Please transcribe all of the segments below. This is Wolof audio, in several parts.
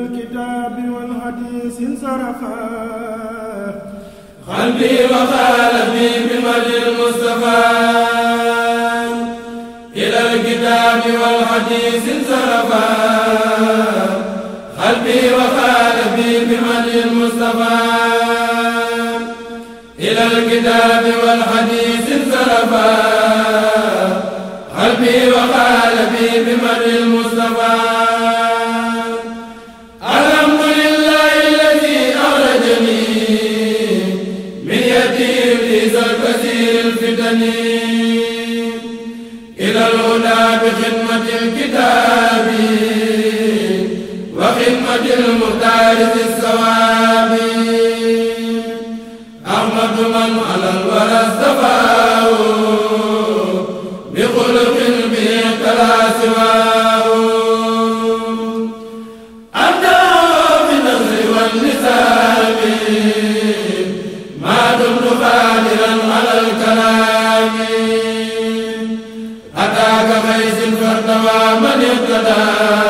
الكتاب والحديث انصرفا قلبي وخالفي بمجد المصطفى إلى الكتاب والحديث انصرفا قلبي وخالفي بمجد المصطفى إلى الكتاب والحديث انصرفا قلبي وخالفي بمجد المصطفى الكتاب وخدمة المختار في فتى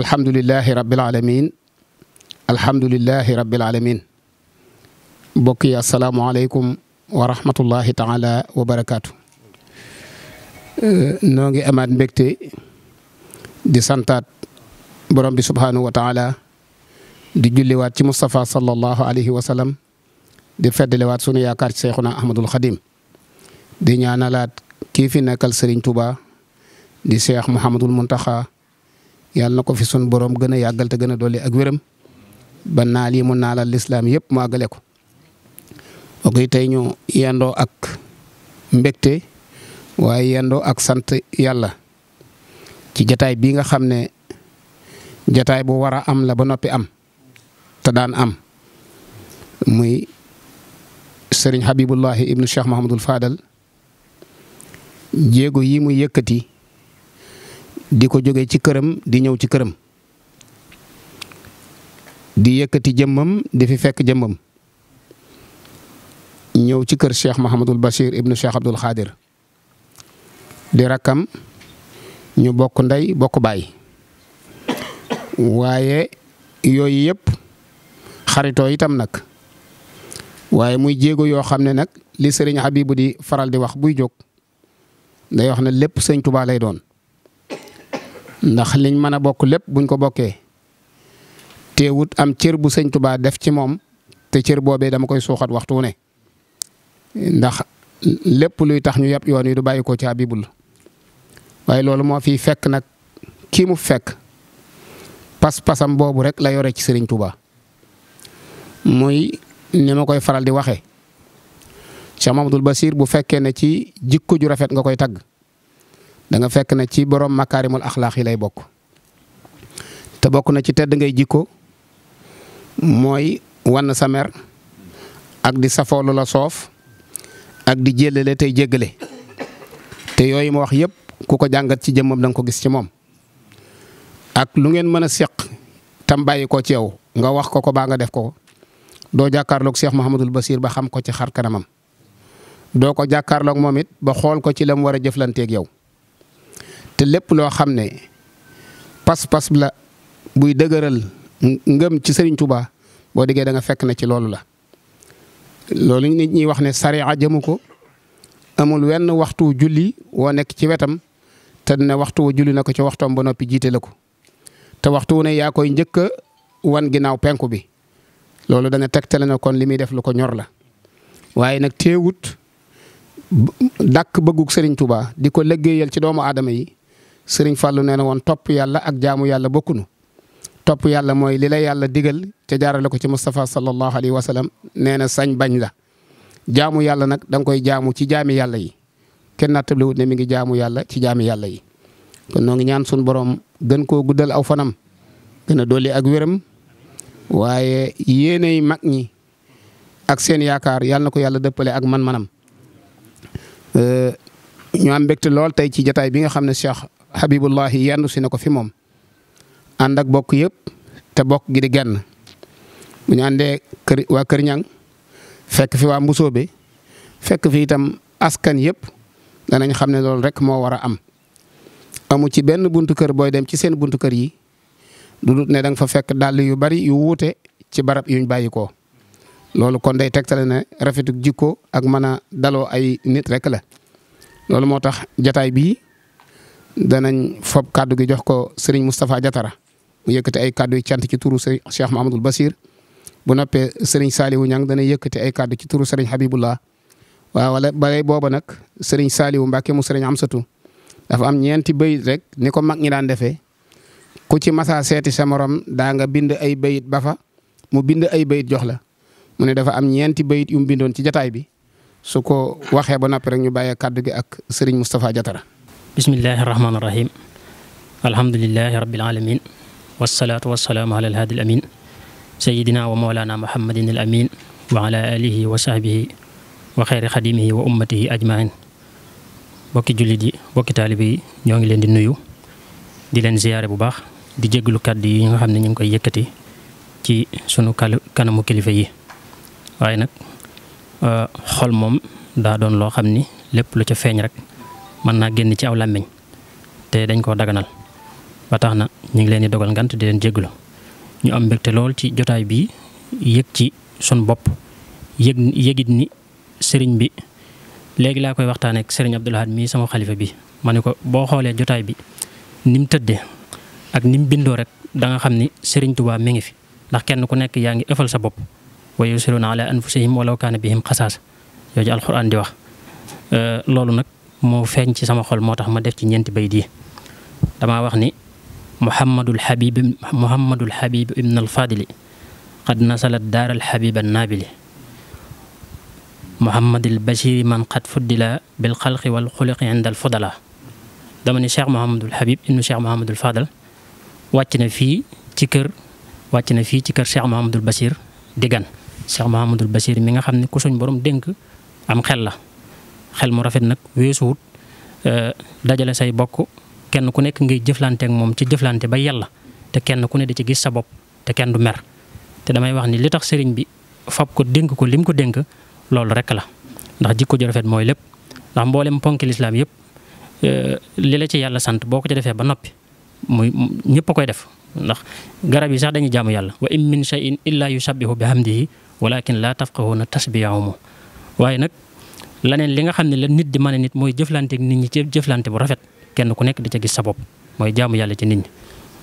alhamdulilahi rabbil alamin alhamdulilahi rabbil alamin mbokk taala wa barakaatu. Euh, ngi amaat mbégte di santaat borom bi subhaanahu wa taala di julliwaat ci Moustapha sallallahu alayhi wa sunu yaakaar ci Seyxuna Ahmadul Xadim di ñaanalaat kii fi nekkal Serigne di Cheikh Mouhamadul Muntaxa yàlla na ko fi sun borom gën a yàggal te gën a dolli ak wéram ba naal yi mu naalal lislaam yëpp mu àggale ko ok tey ñu yendoo ak mbégte waaye yendoo ak sant yàlla ci jataay bii nga xam ne jataay boo war a am la ba noppi am te daan am muy sëriñ Habibullahi ibnu Cheikh Mahamadul Fadal jéego yi mu yëkkati di ko jóge ci këram di ñëw ci këram di yëkkati jëmmam di fi fekk jëmbam ñëw ci kër Cheikh Mahamadul Bachir ibnu Cheikh Abdul Xaadir di rakkam ñu bokk ndey bokk baay waaye yooyu yëpp xaritoo itam nag waaye muy jéego yoo xam ne nag li sëriñ Habibu di faral di wax buy jóg day wax ne lépp sëñ Tuubaa lay doon ndax liñ mën a bokk lépp buñ ko bokkee te wut am cër bu sëñ Tuubaa def ci moom te cër boobee dama koy suuxat waxtu wu ne ndax lépp luy tax ñu yab yoon wi du bàyyi ko ci bul waaye loolu moo fi fekk nag kii mu fekk pas-pasam boobu rek la yore ci sëriñ Tuubaa muy ni koy faral di waxe Cheikh ba Basir bu fekkee ne ci jikko ju rafet nga koy tagg da nga fekk ne ci borom makaarimul axlaax yi lay bokk te bokk na ci tedd ngay jikko mooy wann sa mer ak di safoolu la soof ak di jéllale tey jéggale te yooyu ma wax yëpp ku ko jàngat ci jëmmam danga ko gis ci moom ak lu ngeen mën a seq tam bàyyi ko ci yow nga wax ko ko baa nga def ko doo jàkkaarloog Cheikh Mouhamadul Basir ba xam ko ci xar kanamam doo ko jàkkaarloog moom it ba xool ko ci la mu war a jëflanteeg yow. te lépp loo xam ne pas-pas la buy dëgëral ngëm ci Serigne Touba boo diggee danga fekk na ci loolu la. loolu nit ñi wax ne sariya jëmu ko amul wenn waxtu julli woo nekk ci wetam te ne waxtu wu julli na ko ci waxtoom ba noppi jiite la ko te waxtu wu ne yaa koy njëkk a wan ginnaaw penku bi loolu dana tegtale na kon li muy def lu ko ñor la waaye nag teewut dàkk bëggug Serigne Touba di ko liggéeyal ci doomu aadama yi sëriñ Fallou nee na woon topp yàlla ak jaamu yàlla bokkunu topp yàlla mooy li la yàlla digal ca jaarale ko ci Moustapha sallallahu alayhi wa sallam nee na sañ bañ la. jaamu yàlla nag danga koy jaamu ci jaami yàlla yi kenn nattable wut ne mi ngi jaamu yàlla ci jaami yàlla yi kon noo ngi ñaan suñu borom gën koo guddal aw fanam gën a dolli ak wéram waaye yéenay mag ñi ak seen yaakaar yàlla na ko yàlla dëppale ak man-manam. ñu am mbégte lool tey ci jataay bi nga xam ne Cheikh Habibullahi yendu si na ko fi moom ànd ak bokk yépp te bokk gi di genn bu ñu àndee kër waa Kër Ñang fekk fi waa bi fekk fi itam askan yëpp danañ xam ne loolu rek moo war a am. amu ci benn bunt kër booy dem ci seen buntu kër yi du dut ne da fa fekk dàll yu bari yu wuute ci barab yuñ bàyyi ko loolu kon day tegtale ne rafetuk jikko ak mën daloo ay nit rekk la loolu moo tax jataay bii. danañ fob kaddu gi jox ko Serigne Moustapha Jatara mu yëkkati ay kaddu yu cant ci turu Serigne Cheikh Mahamadul Basir bu noppee Serigne Saliou Niang dana yëkkati ay kaddu ci turu Serigne Habibullah waaw wala balay booba nag Serigne Saliou Mbacke mu Serigne Amsatu dafa am ñeenti bayit rek ni ko mag ñi daan defee ku ci masaa seeti sa morom daa nga bind ay bayit ba fa mu bind ay bayit jox la mu ne dafa am ñeenti bayit yu mu bindoon ci jataay bi su ko waxee ba noppi rek ñu bàyyee kaddu gi ak Serigne Moustapha Jatara bismillahi irrahmaan irrahim alhamdulilahi rabil alamin wasalaatu wasalaamu ala alhaadi sayidina wa mawlana muhammadin al wa ala wa sahbihi wa xeyri xadimihi wa ummatihi ajmain bokki jullit yi bokki taalibe yi ñoo ngi leen di nuyu di leen ziyaare bu baax di jégalu kàddu yi nga xam ne ñu ngi koy yëkkati ci sunu kanamu kilifa yi waaye nag euh, xol moom daa doon loo xam ni lépp lu ca feeñ rek mën naa génn ci aw làmmiñ te dañ koo daganal ba tax na ñu ngi leen di dogal ngant di leen jégalu ñu am mbégte lool ci jotaay bi yëg ci sun bopp yëg yëgit ni sëriñ bi léegi laa koy waxtaanee ak sëriñ Abdoul Ahad mii sama xalifa bi ma ne ko boo xoolee jotaay bi ni mu tëddee ak ni mu bindoo rek danga xam ni sëriñ Tuubaa mi ngi fi ndax kenn ku nekk yaa ngi ëffal sa bopp wa yusiruuna ala anfusihim walaw bi bihim xasaas yooyu alxuraan di wax loolu nag moo feeñ ci sama xol moo tax ma def ci ñeenti bay yi damaa wax ni muhammadul habib muhammadul habib ibn al fadili qad nasalat daar al habib an naabili muhammadul bashiri man qad fuddila bil xalqi wal xuliqi inda al fudala dama ni cheikh muhammadul habib ibnu cheikh muhammadul fadal wàcc na fii ci kër wàcc na fii ci kër cheikh muhammadul bashir di gan cheikh muhammadul bashir mi nga xam ne ku boroom borom dénk am xel la xel mu rafet nag weesuwut euh, dajale say bokk kenn ku nekk ngay jëflante moom ci jëflante ba yàlla te kenn ku ne da ci gis sa bopp te kenn du mer te damay wax ni li tax sëriñ bi fab ko dénk ko lim ko dénk loolu rek la ndax jikko ju rafet mooy lépp ndax mboolem ponk lislaam yëpp euh, li la ci yàlla sant boo ko ci defee ba noppi muy ñëpp a koy def ndax garab yi sax dañu jaamu yàlla wa in min shay'in illa yusabbihu bihamdihi walakin la tafqahuna tasbihahum waaye nag laneen li nga xam ne la nit di mën a nit mooy jëflante nit ñi ci jëflante bu rafet kenn ku nekk di ca gis sa bopp mooy jaamu yàlla ci nit ñi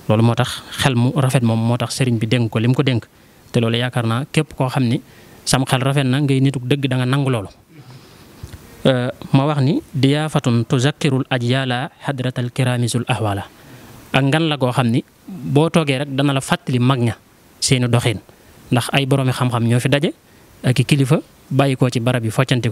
loolu moo tax xel mu rafet moom moo tax sëriñ bi dénk ko li mu ko dénk te loolu yaakaar naa képp koo xam ni sam xel rafet na ngay nituk dëgg danga nangu loolu euh, ma wax ni diyaafatun tuzakkirul ajyaala hadratal kiraamisul ahwaala ak ngan la goo xam ni boo toogee rek dana la fàttali mag ña seeni doxin ndax ay boroomi xam-xam ñoo fi daje ak kilifa bàyyi koo ci barab yi foccanti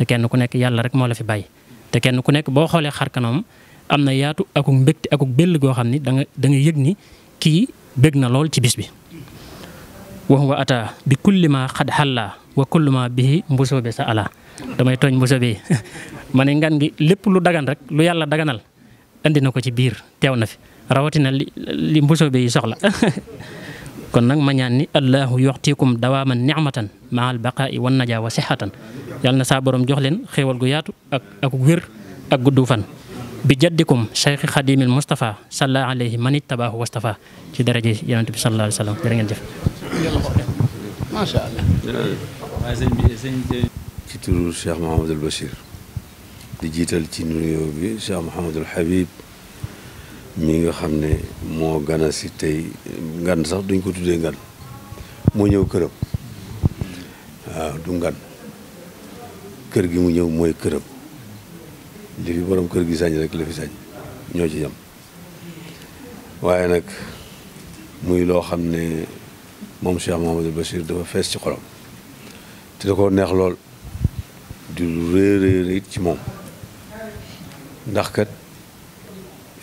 te kenn ku nekk yàlla rek moo la fi bàyyi te kenn ku nekk boo xoolee xar kanam am na yaatu akuk mbégte akuk béll goo xam ni danga nga da nga yëg ni kii bég na lool ci bis bi wax wa ata bi kulli ma xad xalla wa kulli ma bihi mbusoobe sa ala damay tooñ mbusoobe ma ne ngan gi lépp lu dagan rek lu yàlla daganal andi na ko ci biir teew na fi rawatina li li mbusoobe yi soxla kon nag ma ñaan ni allahu yoxtiikum dawaaman nicmatan maa albaqaa'i wan najaa wa yal na saa boroom jox leen xéewal gu yaatu ak ak wér ak guddu fan bi jaddikum cheikh xadimil moustapha salla alayhi manit tabaahu wastafa ci daraje yonent bi sallallahu alayhi wa sallam ci turu cheikh jiital ci nuyoo bi cheikh mahamadul habib mi nga xam ne moo gana si tey ngan sax duñ ko tuddee ngan moo ñëw këram du ngan kër gi mu ñëw mooy këram li fi borom kër gi sañ rek la fi sañ ñoo ci yem waaye nag muy loo xam ne moom Cheikh Mouhamadul Bachir dafa fees ci xolam te da ko neex lool di lu réeréer it ci moom ndax kat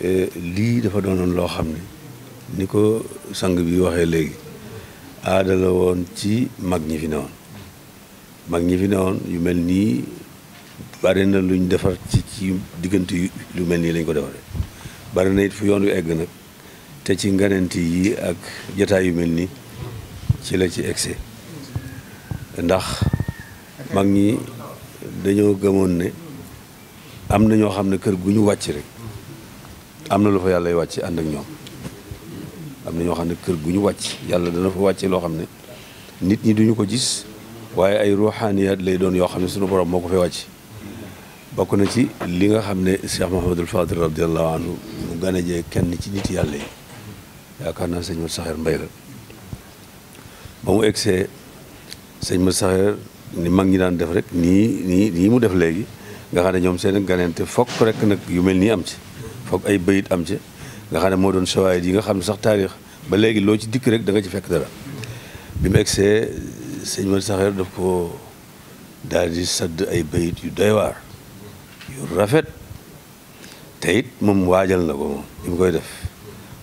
e, lii dafa doonoon loo xam ne ni ko sang bi waxee léegi aada woon ci mag ñi fi newoon mag ñi fi newoon yu mel nii bari na luñ defar ci ci diggante lu mel nii lañ ko defaree bari na it fu yoon wi egg nag te ci ngananti yi ak jotaay yu mel nii ci la ci egsi ndax mag ñi dañoo gëmoon ne am na ñoo xam ne kër gu ñu wàcc rek am na lu fa yàlla wàcc ànd ak ñoom am na ñoo xam ne kër gu ñu wàcc yàlla dana fa wàcce loo xam ne nit ñi duñu ko gis waaye ay ruuxaaniyaat lay doon yoo xam ne sunu borom moo ko fee bokk na ci li nga xam ne Cheikh Mouhamadul Fadil radiallahu anhu mu gane jee kenn ci nit yàlla yi yaakaar naa sëñ Mat Saxeer Mbay rek ba mu egsee sëñ Mat Saxeer ni mag ñi daan def rek nii nii nii mu def léegi nga xam ne ñoom seen ganente fokk rek nag yu mel nii am ci fokk ay bayit am ci nga xam ne moo doon sawaayit yi nga xam ne sax taarix ba léegi loo ci dikk rek da nga ci fekk dara bi mu egsee sëñ Mor Saxeer daf ko daal di sadd ay bayit yu doy waar yu rafet te it moom waajal na ko moom li mu koy def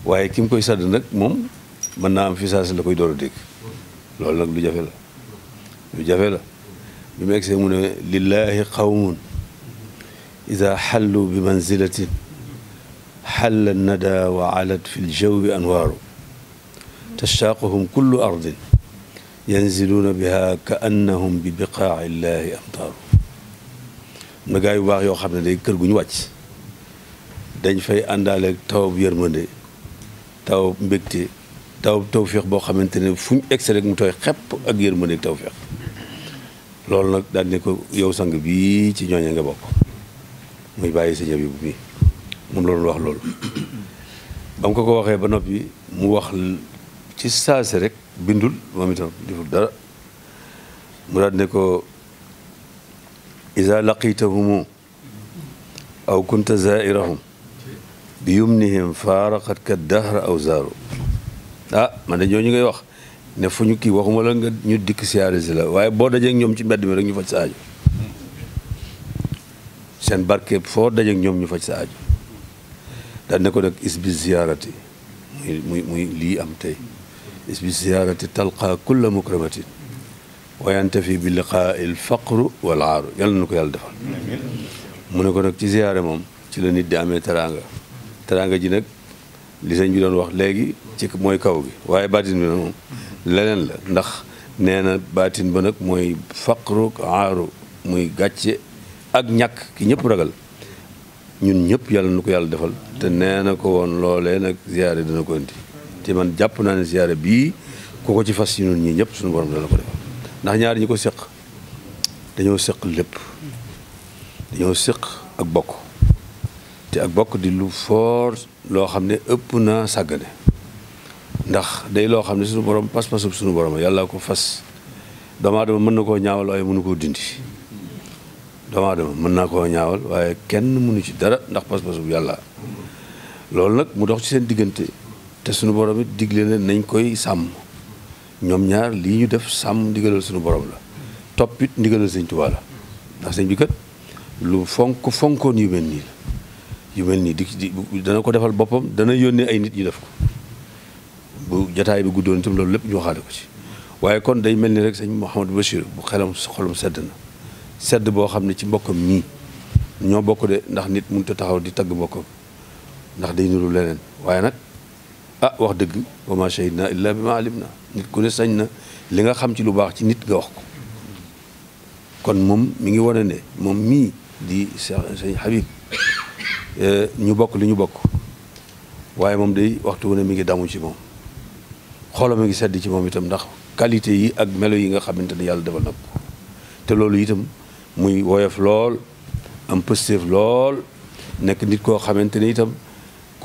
waaye ki mu koy sadd nag moom mën naa am fi saa si la koy door a dégg loolu nag lu jafe la lu jafe la bi mu egsee mu ne lillahi qawmun ida xallu bi manzilatin xalla nada wa alat fi ljawbi anwaaru tashaaquhum kullu ardin yanziluuna biha ka annahum bi biqaa illahi amtaaru am na gaa yu baax yoo xam ne day kër gu ñu wàcc dañ fay àndaale tawab yërmande tawab mbégte tawab tawféex boo xamante ne fu ñu egsi rek mu tooy xepp ak yërmande ak tawféex loolu nag daal ko yow sang bii ci ñooñe nga bokk muy bàyyi sa bi bu mi moom loolu wax loolu ba mu ko ko waxee ba noppi mu wax ci saasi rek bindul moom itam deful dara mu daal ne ko iza laqitahumu aw kunta zairahum bi yumnihim faaraqat ka dahra aw zaaru ah man de ñooñu ngay wax ne fu ñu kii waxuma la nga ñu dikk siyaare si la waaye boo dajeeg ñoom ci mbedd mi rek ñu faj sa aajo seen barke foo dajeeg ñoom ñu faj sa aajo daal ne ko nag is bi ziyaarati muy lii am tey is bi ziyaarati talqa kulla mukramatin wa yantafi bi liqaa il faqru wal aaru yàlla na ko yàlla defal mu ne ko nag ci ziyaare moom ci la nit di amee teraanga teraanga ji nag li sëñ bi doon wax léegi ci mooy kaw gi waaye baatin bi nag moom leneen la ndax nee na baatin ba nag mooy faqru aaru muy gàcce ak ñàkk ki ñëpp ragal ñun ñëpp yàlla nu ko yàlla defal te nee na ko woon loolee nag ziyaare dina ko indi te man jàpp naa ne ziyaare bii kooko ci fas yi noonu ñii ñëpp suñu borom dana ko def ndax ñaari ñi ko séq dañoo séq lépp dañoo séq ak bokk te ak bokk di lu foor loo xam ne ëpp naa sàggane ndax day loo xam ne suñu borom pas-pasub suñu borom yàlla ko fas doomu mën na koo ñaawal waaye mënu koo dindi doomu aadama mën naa koo ñaawal waaye kenn mënu ci dara ndax pas-pasub yàlla loolu nag mu dox ci seen diggante te sunu borom it digle na nañ koy sàmm ñoom ñaar lii ñu def sàmm ndigalal sunu borom la topp it ndigalal sëñ Tuubaa la ndax sëñ bi kat lu fonk fonkoon yu mel nii la yu mel nii dana ko defal boppam dana yónnee ay nit ñu def ko bu jataay bi guddoon itam loolu lépp ñu waxaale ko ci waaye kon day mel ni rek sëñ Mouhamadou Bachir bu xelam xolum sedd na sedd boo xam ne ci mbokkam mii ñoo bokk de ndax nit mënut a taxaw di tagg mbokkam ndax day niru leneen waaye nag ah wax dëgg wa ma shahidna illa bi ma alim na nit ku ne sañ na li nga xam ci lu baax ci nit nga wax ko kon moom mi ngi wane ne moom mii di sëñ Habib eh, ñu bokk li ñu bokk waaye moom day waxtu wu ne mi ngi damu ci moom xoolam mi ngi sedd ci moom itam ndax qualité yi ak melo yi nga xamante ne yàlla defal nag ko te loolu itam muy woyof lool am lool nekk nit koo xamante ne itam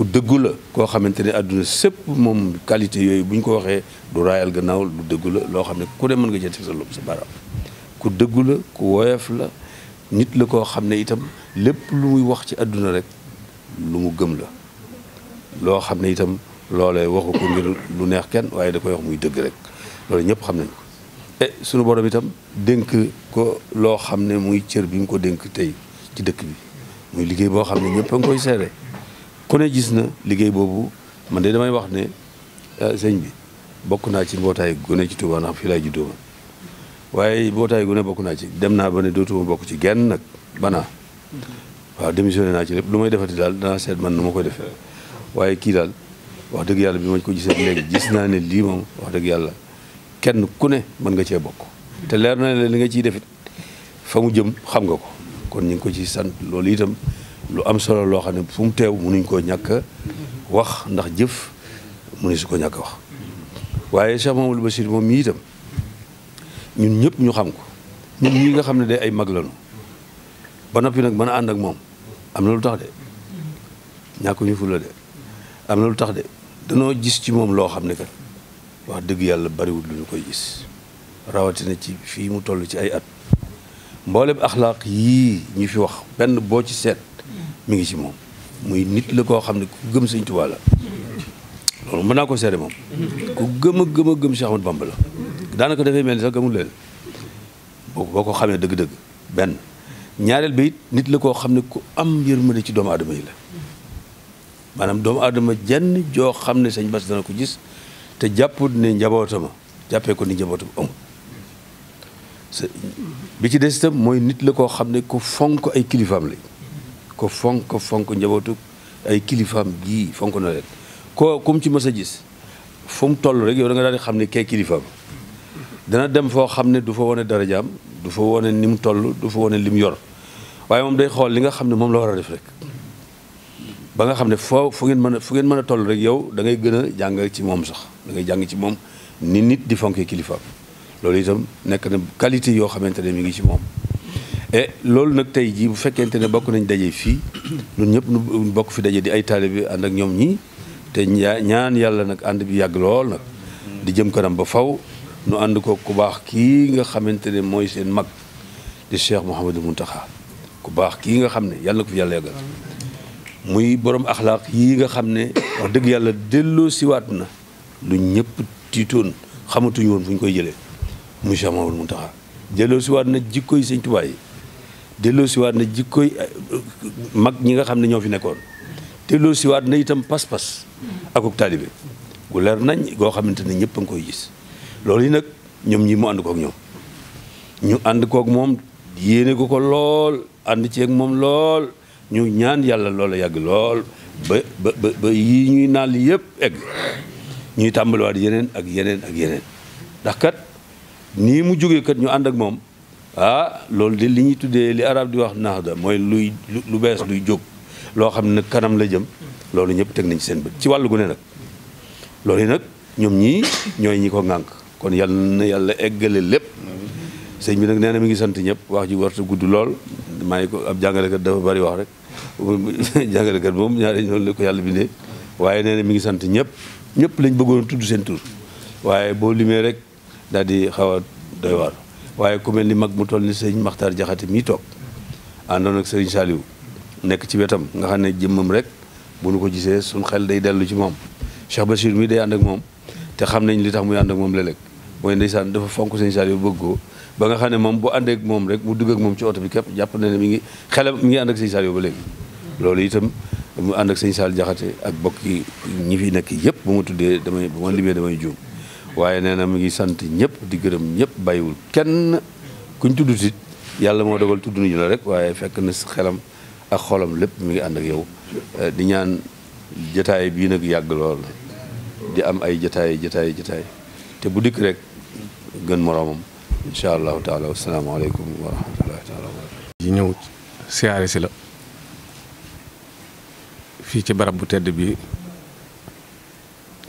ku dëggu la koo xamante ne àdduna sëpp moom qualité yooyu bu ñu ko waxee du raayal gannaaw du dëggu la loo xam ne ku ne mën nga jël ci sa lopp sa baaraam ku dëggu la ku woyof la nit la koo xam ne itam lépp lu muy wax ci àdduna rek lu mu gëm la loo xam ne itam loolee waxu ko ngir lu neex kenn waaye da koy wax muy dëgg rek loolu ñëpp xam nañ ko e sunu borom itam dénk ko loo xam ne muy cër bi mu ko dénk tey ci dëkk bi muy liggéey boo xam ne ñëpp a koy seere ku ne gis na liggéey boobu man de damay wax ne eh, sëñ bi bokk naa ci mbootaay gone ci Touba ndax fii laay juddoo waaye mbootaay gune bokk naa ci dem naa ba ne dootuma bokk ci genn nag banaa waaw démissionné naa ci lépp lu may defati daal danaa seet man nu ma koy defee waaye kii daal wax dëgg yàlla bi ma ko gisee léegi gis naa ne lii moom wax dëgg yàlla kenn ku ne mën nga cee bokk te leer na ne li nga ciy defit fa mu jëm xam nga ko kon ñu ngi ko ci sant loolu itam lu am solo loo xam ne fu mu teew mënuñ koo ñàkk wax ndax jëf mënu su ko ñàkk wax waaye Cheikh Mamadou Bassir moom mii itam ñun ñëpp ñu xam ko ñun ñii nga xam ne day ay mag lañu ba noppi nag mën a ànd ak moom am na lu tax de ñàkk ñu fula de am na lu tax de danoo gis ci moom loo xam ne kat wax dëgg yàlla bariwul lu ñu koy gis rawatina ci fii mu toll ci ay at mboolem axlaaq yii ñu fi wax benn boo ci seet mu ngi ci moom muy nit la koo xam ne ku gëm sëñ Tuubaa la loolu mën naa ko seede moom ku gëm a gëm a gëm Cheikh Ahmadou la daanaka dafay mel ni sax gëmul ko xamee dëgg-dëgg ñaareel bi nit la koo xam ne ku am yërmande ci doomu aadama yi la maanaam doomu aadama jenn joo xam ne sëñ Bass dana ko gis te jàpput ne njabootam jàppee ko ni njabootam amul bi ci des itam mooy nit la koo xam ne ku fonk ay kilifaam la ko fonk fonk njabootu ay kilifaam gii fonk na rek ko kum ci mës a gis fu mu toll rek yow da nga daal xam ne kee kilifaam dana dem foo xam ne du fa wane darajaam du fa wane ni mu toll du fa wane li mu yor waaye moom day xool li nga xam ne moom la war a def rek ba nga xam ne foo fu ngeen mën a fu ngeen mën a toll rek yow da gën a jàng ci moom sax da jàng ci moom ni nit di fonkee kilifaam loolu itam nekk na qualité yoo xamante ne mi ngi ci moom loolu nag tey jii bu fekkente ne bokk nañ daje fii ñun ñëpp nu bokk fi daje di ay taalibe ànd ak ñoom ñii te ñaan yàlla nag ànd bi yàgg lool nag di jëm kanam ba faw nu ànd ko ku baax kii nga xamante ne mooy seen mag di Cheikh Mouhamadou Mountakha ku baax kii nga xam ne yàlla ko fi yàlla borom axlaaq yii nga xam ne wax dëgg yàlla delloo siwaat na lu ñëpp tiitoon xamatuñu woon fu ñu koy jëlee muy Cheikh Mouhamadou Mountakha delloo siwaat na jikko yi sëñ Tuubaa delloosiwaat na jikkoy mag ñi nga xam ne ñoo fi nekkoon delloosiwaat na itam pas-pas akuk taalibe gu leer nañ goo xamante ne ñëpp a ngi koy gis loolu yi nag ñoom ñi mu ànd kook ñoom ñu ànd kook moom yéene ko ko lool ànd ci ak moom lool ñu ñaan yàlla loola yàgg lool ba ba ba yii ñuy naan yëpp egg ñuy tàmbaliwaat yeneen ak yeneen ak yeneen ndax kat nii mu jógee kat ñu ànd ak moom ah loolu de li ñuy tuddee li arab di wax da mooy luy lu bees luy jóg loo xam ne kanam la jëm loolu ñëpp teg nañ ci seen bët ci wàllu gu ne nag loolu yi nag ñoom ñii ñooy ñi ko ŋànk kon yal na yàlla eggale lépp sëñ bi nag nee na mi ngi sant ñëpp wax ji warta gudd lool maa ngi ko ab jàngalekat dafa bari wax rek jàngalekat moom ñaari ñoom la ko yàlla bindee waaye nee na mi ngi sant ñëpp ñëpp lañ bëggoon tudd seen tur waaye boo limee rek daal di xaw a doy waar waaye ku mel mag mu toll ni sëñ Maxtaar Jaxate mii toog àndoon ak sëriñ Saliou nekk ci wetam nga xam ne jëmmam rek bu nu ko jisee suñ xel day dellu ci moom ba Bachir mii day ànd ak moom te xam nañ li tax muy ànd ak moom léeg-léeg mooy ndeysaan dafa fonk sëñ Saliou bëgg ba nga xam ne moom bu àndee moom rek mu dugg ak moom ci oto bi képp jàpp na ne mi ngi xelam mi ngi ànd ak sëñ Saliou ba léegi loolu itam mu ànd ak sëñ Saliou Jaxate ak bokk yi ñi fi nekk yëpp bu ma tuddee damay bu ma limee damay juum waaye nee na mi ngi sant ñëpp di gërëm ñëpp bàyyiwul kenn kuñ tudd it yàlla moo dogal tudd nañu la rek waaye fekk na xelam ak xolam lépp mi ngi ànd ak yow eh, di ñaan jataay bii nag yàgg lool di am ay jataay jataay jataay te bu dikk rek gën moroomam incha allahu taala wasalaamaaleykum wa rahmatullahi taala wa barakatu yi ñëw la fii ci barab bu tedd bi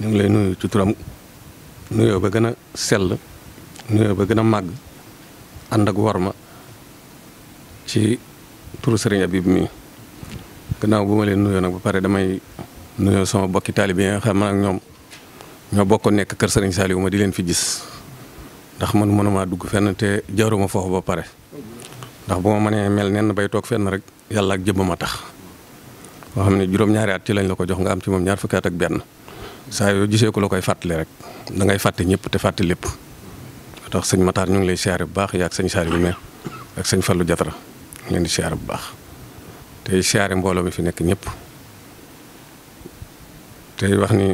ñu ngi lay nuyu ci turam nuyoo ba gën a sell nuyoo ba gën a màgg ànd ak ma ci turu sëriñ Abib mi gannaaw bu ma leen nuyoo nag ba pare damay nuyoo sama bokki taalibe yi nga xam man ak ñoom ñoo bokk nekk kër sëriñ Saliou ma di leen fi gis ndax man mënuma dugg fenn te jaaruma foofu ba pare ndax bu ma mënee mel nenn bay toog fenn rek yàlla ak jëmm ma tax boo xam ne juróom-ñaari at ci lañ la ko jox nga am ci moom ñaar fukki ak benn saa yoo gisee ko la koy fàttali rek da ngay fàtte ñëpp te fàtte lépp tax sëñ Matar ñu ngi lay siyaare bu baax yaa ak sëñ Saaliu Meer ak sëñ Fallu Jatara ñu leen di siyaare bu baax tey siyaare mbooloo bi fi nekk ñëpp tey wax ni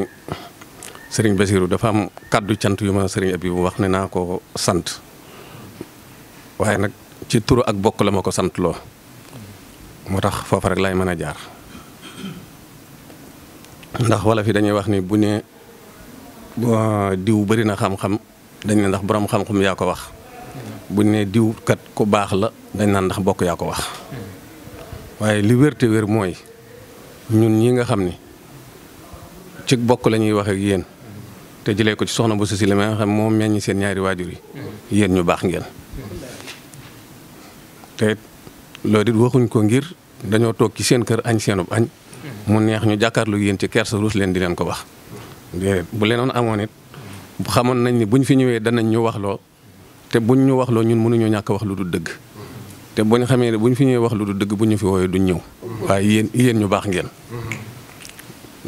sëriñ Basiiru dafa am kàddu cant yu ma sëriñ Abibu wax ne naa ko sant waaye nag ci turu ak bokk la ma ko sant loo moo tax foofu rek lay mën a jaar ndax wala fi dañuy wax ni bu ne ah, diw bëri na xam-xam dañ ne ndax borom xam-xam yaa ko wax bu ne diw kat ku baax la dañ naan ndax bokk yaa ko wax waaye li wér wér mooy ñun ñi nga xam ni ci bokk la ñuy wax yéen te jëlee ko ci soxna bu Socé xam moom meññ seen ñaari waajur yi yéen ñu baax ngeen. te loolu it waxuñ ko ngir dañoo toog ci seen kër añ seenub añ. mu neex ñu jàkkaarloo yéen ci kersa ruus leen di leen ko wax. déedéet bu leenoon amoon it xamoon nañ ni buñ fi ñëwee danañ ñu wax loo te buñ ñu wax loo ñun mënuñoo ñàkk wax lu dul dëgg. te buñ xamee ne buñ fi ñëwee wax lu du dëgg bu ñu fi woowee duñ ñëw. waaye yéen yéen ñu baax ngeen.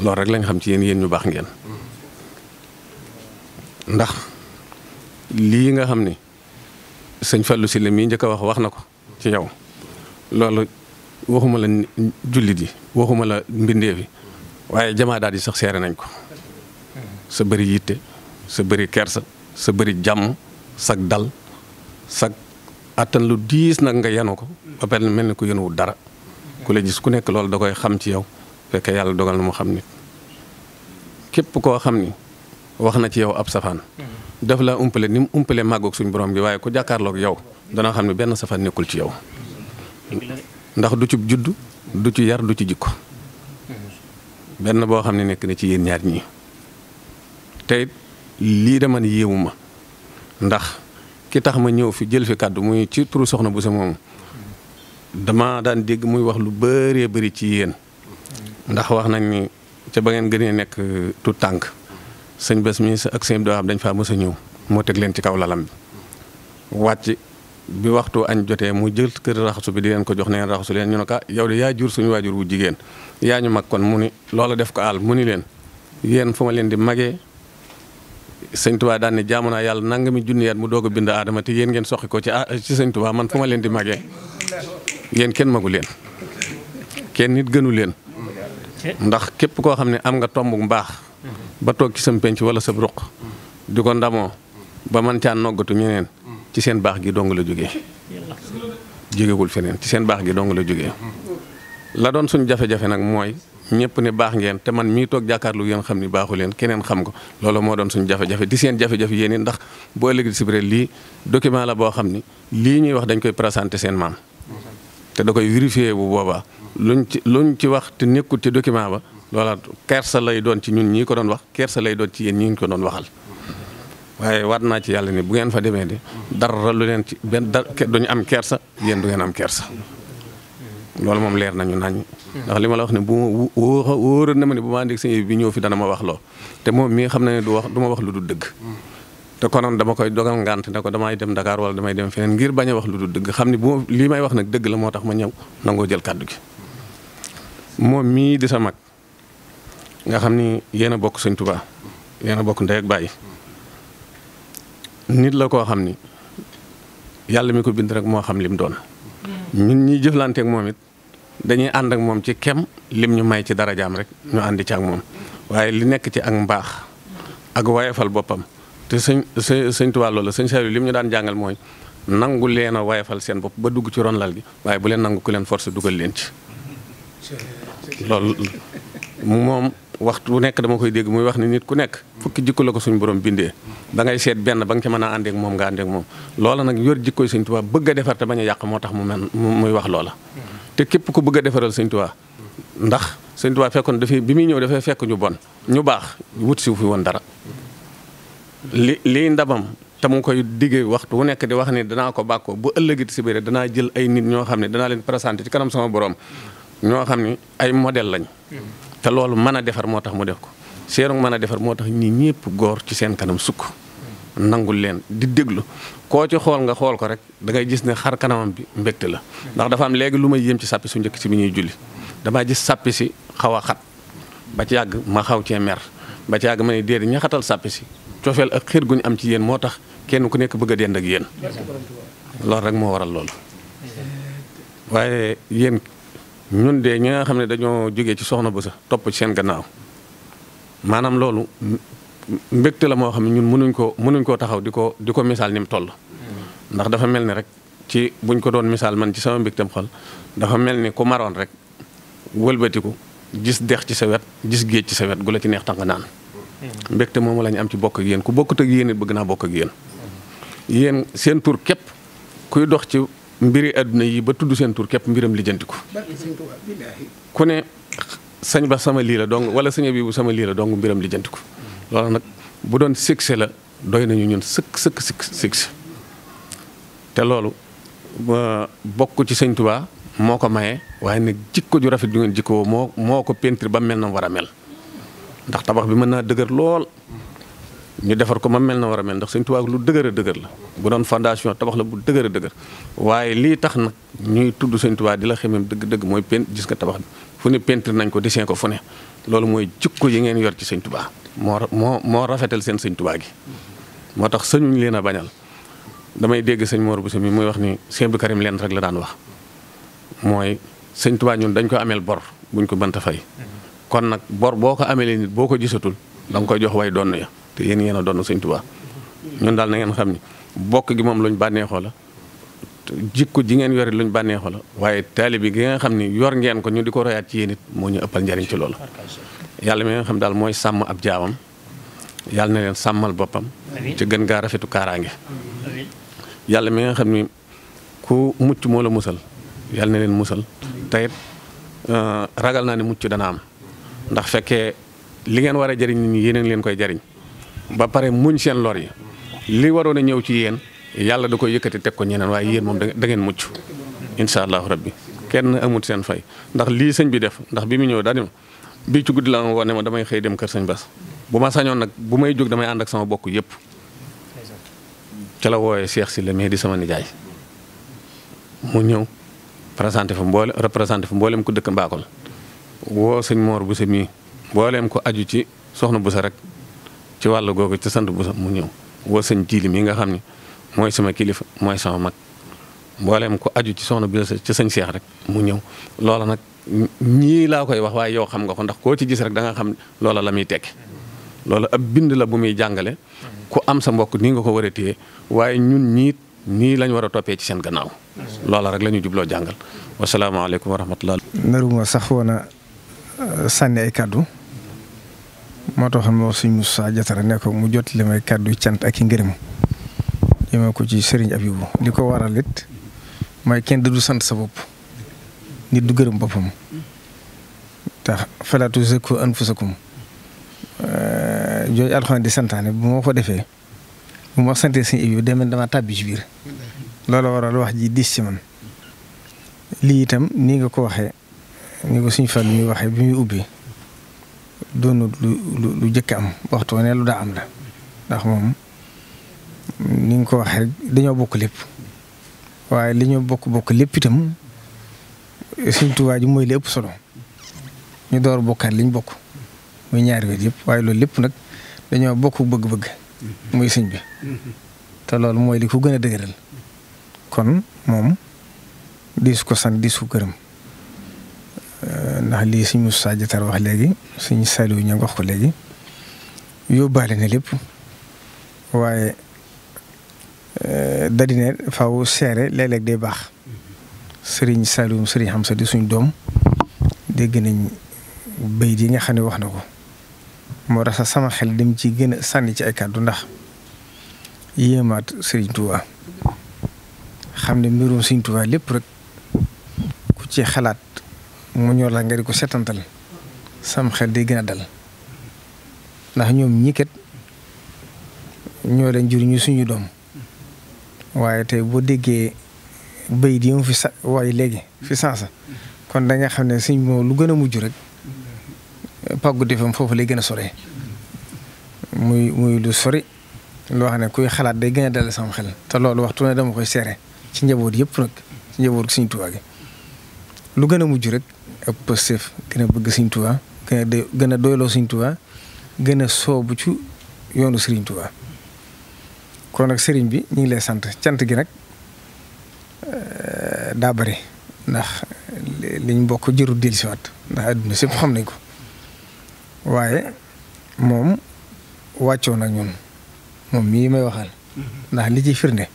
loolu rek lañ xam ci yéen yéen ñu baax ngeen. ndax lii nga xam ni sëñ Fallou Sylla mii njëkk a wax wax na ko ci yow loolu waxuma la jullit yi waxuma la mbindeef yi waaye jamaa daal yi sax seere nañ ko sa bëri yitte sa bëri kers sa bëri jàmm sag dal sag attan lu diis nag nga yenu ko ba pare mel ni ku yenuwul dara ku la gis ku nekk loolu da koy xam ci yow fekk yàlla dogal na mu xam nit képp koo xam ni wax na ci yow ab safaan daf laa umpale ni mu umpale màggoog suñu borom bi waaye ku jàkkaarlook yow dana xam ne benn safaan nekkul ci yow ndax du ci judd du ci yar du ci jikko benn boo xam ne nekk na ci yéen ñaar ñi tey lii dama yéemu ma ndax ki tax ma ñëw fi jël fi kàddu muy ci turu soxna bu sa moomu dama daan dégg muy wax lu bëree bëri ci yéen ndax wax nañ ni ca ba ngeen gënee nekk euh, tu tànk sëñ bés mi ak sëñ doo xam dañ faa mës a ñëw moo teg leen ci kaw lalam bi wàcc bi waxtu añ jotee mu jël kër raxasu bi di leen ko jox neen raxasu leen ñu ne ka ah, yaw de yaa jur suñu waajur wu jigéen yaa ñu mag kon mu ni loola def ko àll mu ni leen yéen fu ma leen di magee sëñ Tuubaa daan ne jaamu naa yàlla nangami junniyaat mu doog a bind aadama te yéen ngeen soqi ko ci ah, ci sëñ Tuubaa man fu ma leen di magee yéen kenn magu leen kenn nit gënu leen ndax képp koo xam ne am nga tomb mbaax ba toog ci sam penc wala sa ruq di ko ndamoo ba man caa noggatu ñeneen ci seen baax gi dong la jóge jógewul feneen ci seen baax gi dong la jóge la doon suñ jafe-jafe nag mooy ñëpp ne baax ngeen te man mii toog jàkkaarlu yéen xam ni baaxu leen keneen xam ko loolu moo doon suñ jafe-jafe di seen jafe-jafe yéen it ndax boo ëllëgee si biir lii document la boo xam ni lii ñuy wax dañ koy présenté seen maam te da koy vérifié bu boobaa luñ ci luñ ci wax te nekkul ci document ba loola kersa lay doon ci ñun ñii ko doon wax kersa lay doon ci yéen ñi ñu ko doon waxal waaye waat naa ci yàlla ni bu ngeen fa demee de dara lu leen ci benn da duñu am kersa yéen du ngeen am kersa loolu moom leer nañu nañ ndax li ma la wax ne bu ma wóor na ma ne bu ma àndeeg bi ñëw fi dana ma wax loo te moom mii xam na ne du wax du ma wax lu du dëgg te konoon dama koy dogal ngant ne ko damay dem ndakaar wala damay dem feneen ngir bañ wax lu du dëgg xam ne bu lii may wax nag dëgg la moo tax ma ñëw nangoo jël kàddu gi moom mii di sa mag nga xam ni yéen a bokk sëñ Tuubaa yéen a bokk ndey bàyyi nit la koo xam ni yàlla mi ko bind rek moo xam lim doon. ñun ñuy jëflanteek moom it dañuy ànd ak moom ci kem lim ñu may ci darajaam rek ñu àndi ci ak moom waaye li nekk ci ak mbaax ak wayefal boppam te sëñ sëñ sëñ Tuubaa loola sëñ Saliou lim ñu daan jàngal mooy nangu leen a wayefal seen bopp ba dugg ci lal gi waaye bu leen nangu ku leen force dugal leen ci loolu moom. waxtu wu nekk dama koy dégg muy wax ni nit ku nekk fukki jikko la ko suñu borom bindee da ngay seet benn ba nga ci mën a àndeek moom nga àndeek moom loola nag yor jikkoy Sëñ Tuubaa bëgg a defar te bañ a yàq moo tax mu mel muy wax loola te képp ku bëgg a defaral Sëñ Tuubaa ndax Sëñ Tuubaa fekkoon dafay bi muy ñëw dafay fekk ñu bon ñu baax wut si fi woon dara li lii ndamam te mu koy diggee waxtu wu nekk di wax ni danaa ko bàkkoo bu ëllëgit si biir danaa jël ay nit ñoo xam ne danaa leen présenté ci kanam sama borom ñoo xam ne ay modèle lañ te loolu mën a defar moo tax mu def ko seenu mën a defar moo tax ñi ñëpp góor ci seen kanam sukk nangul leen di déglu koo ci xool nga xool ko rek da ngay gis ne xar kanamam bi mbégte la ndax dafa am léegi lu may yéem ci sàppi su njëkk si bi ñuy julli damaa gis sàppi si xaw a xat ba ci yàgg ma xaw cee mer ba ci àgg ma ne déedéet ñaxatal sàppi si cofeel ak xir gu ñu am ci yéen moo tax kenn ku nekk bëgg a dend ak yéen loolu rek moo waral loolu waaye ñun de ñi nga xam ne dañoo jógee ci soxna bu sa topp ci seen gannaaw maanaam loolu mbégte la moo xam ne ñun mënuñ ko mënuñ koo taxaw di ko di ko misaal ni mu toll. ndax dafa mel ni rek ci buñ ko doon misaal man ci sama mbégteem xol dafa mel ni ku maroon rek wëlbatiku gis dex ci sa wet gis géej ci sa wet gu la ci neex tànk naan. mbégte moomu la ñu am ci bokk ak yéen ku bokkut ak yéen bëgg naa bokk ak yéen. yéen seen tur képp kuy dox ci. mbiri àdduna yi ba tudd seen tur képp mbiram lijjanti ko ku ne sañ ba sama lii la dong wala sañ bi bu sama lii la dong mbiram lijjanti ko loolu nag bu doon succès la doy nañu ñun sëkk sëkk succès te loolu bokk ci sëñ Tuubaa moo ko maye waaye nag jikko ju rafet ju ngeen jikkoo moo moo ko peintre ba mel na war a mel ndax tabax bi mën naa dëgër lool ñu defar ko ma mel na war a mel ndax Sëñ Tuubaa lu dëgër a dëgër la bu doon fondation tabax la bu dëgër a dëgër waaye lii tax nag ñuy tudd Sëñ Tuubaa di la xemem dëgg-dëgg mooy pent gis nga tabax bi fu ne peinture nañ ko dessin ko fu ne loolu mooy jikko yi ngeen yor ci Sëñ Tuubaa moo moo moo rafetal seen Sëñ Tuubaa gi moo tax sëñuñ leen a bañal damay dégg sëñ Mor Bousso mi muy wax ni sëñ Abdou Karim leen rek la daan wax mooy sëñ Tuubaa ñun dañ ko ameel bor buñ ko banta fay mm-hmm. kon nag bor boo ko amelee nit boo ko gisatul da koy jox way doon te yéen yéen a doon sëñ Tuubaa ñun daal na ngeen xam ni bokk gi moom luñ bànneexoo la jikko ji ngeen yore luñ bànneexoo la waaye taalibi gi nga xam ni yor ngeen ko ñu di ko royaat ci yéen moo ñu ëppal njariñ ci loolu yàlla mi nga xam daal mooy sàmm ab jaamam yàlla na leen sàmmal boppam ci gën gaa rafetu kaaraange yàlla xam ni ku mucc moo la musal yàlla na leen musal tayit euh, ragal naa ne mucc dana am ndax fekkee li ngeen war jariñ nit ñi yéen leen koy jariñ ba pare muñ seen lor yi li waroon a ñëw ci yéen yàlla da koy yëkkati teg ko ñeneen waaye yéen moom da ngeen mucc incha allahu rabbi kenn amut seen fay ndax lii sëñ bi def ndax bi mu ñëw daa bii ci guddi la ma ne ma damay xëy dem kër sëñ Bass bu ma sañoon nag bu may jóg damay ànd ak sama bokk yëpp ca la wooyee Cheikh la mais di sama nijaay mu ñëw représenté fa mboole représenté fa mbooleem ko dëkk mbaakol woo sëñ Mor Boussa mii mbooleem ko aju ci soxna bu Boussa rek ci wàll googu ca sant bu mu ñëw woo sañ jiili mi nga xam ni mooy sama kilifa mooy sama mag mboolem ku aju ci soxna bi ci sëñ Seex rek mu ñëw loola nag ñii laa koy wax waaye yow xam nga ko ndax koo ci gis rek da xam loola la muy tekki loola ab bind la bu muy jàngale ku am sa mbokk nii nga ko war a téye waaye ñun ñiit nii lañ war a toppee ci seen gannaaw loola rek la ñu jubloo jàngal wasalaamaaleykum wa rahmatullah naruma sax woon a uh, sànni kàddu moo taxoon ma wax sëñ Moussa Diatara ne ko mu jot li may kàddu cant ak i ngërëm jëmee ko ci sëriñ Abibu li ko waral it may kenn du sant sa bopp nit du gërëm boppam tax falaatu zakku anfusakum jooju alxuraan di santaane bu ma ko defee bu ma santee sëñ Abibu demeen dama tàbbi ci biir loolu waral wax ji diis ci lii itam nii nga ko waxee ni ko sëñ Fall mi waxee bi muy ubbi doonut lu lu lu jëkk am waxtu ne lu daa am la ndax moom ni ko waxee dañoo bokk lépp waaye li ñu bokk bokk lépp itam Sëriñ Tuubaa ji mooy li ëpp solo ñu door bokkaat liñ bokk muy ñaari wet yëpp waaye loolu lépp nag dañoo bokk bëgg-bëgg muy sëñ bi te loolu mooy li ko gën a dëgëral kon moom di su ko sant di su gërëm Euh, ndax lii suñu Moussa Diatar wax léegi suñu Saliou ñu wax ko léegi yóbbaale na lépp waaye euh, da di ne faaw seere léeg-léeg day baax Serigne Saliou Serigne Hamsa di suñu doom dégg nañ béy yi nga xam ne wax na ko moo tax sama xel dem ci gën sànni ci ay kàddu ndax yéemaat Serigne Touba xam ne mbirum Serigne Touba lépp rek ku ci xalaat. mu ñoo la nga di ko setantal sam xel day gën a dal ndax ñoom ñii ñoo leen jur ñu suñu doom waaye te boo déggee béy di fi sa waaye léegi fi sansa kon da xam ne suñ moo lu gën a mujj rek pàggu defam foofu lay gën a sore muy muy lu sori loo xam ne kuy xalaat day gën a dal sam xel te loolu waxtu ne dama koy seere ci njaboot yëpp nag ci njaboot suñu tubaab gi lu gën mujj rek. ak pëstef gën a bëgg Sëriñ Tuubaa gën a gën a doyloo Sëriñ Tuubaa gën a soobu ci yoonu Sëriñ Tuubaa kon nag sëriñ bi ñu ngi lay sant cant gi nag eh, daa bari ndax liñ bokk jërul dellusiwaat ndax adduna sépp xam nañ ko waaye moom wàccoo nag ñun moom mii may waxal mm-hmm. ndax li ciy firnde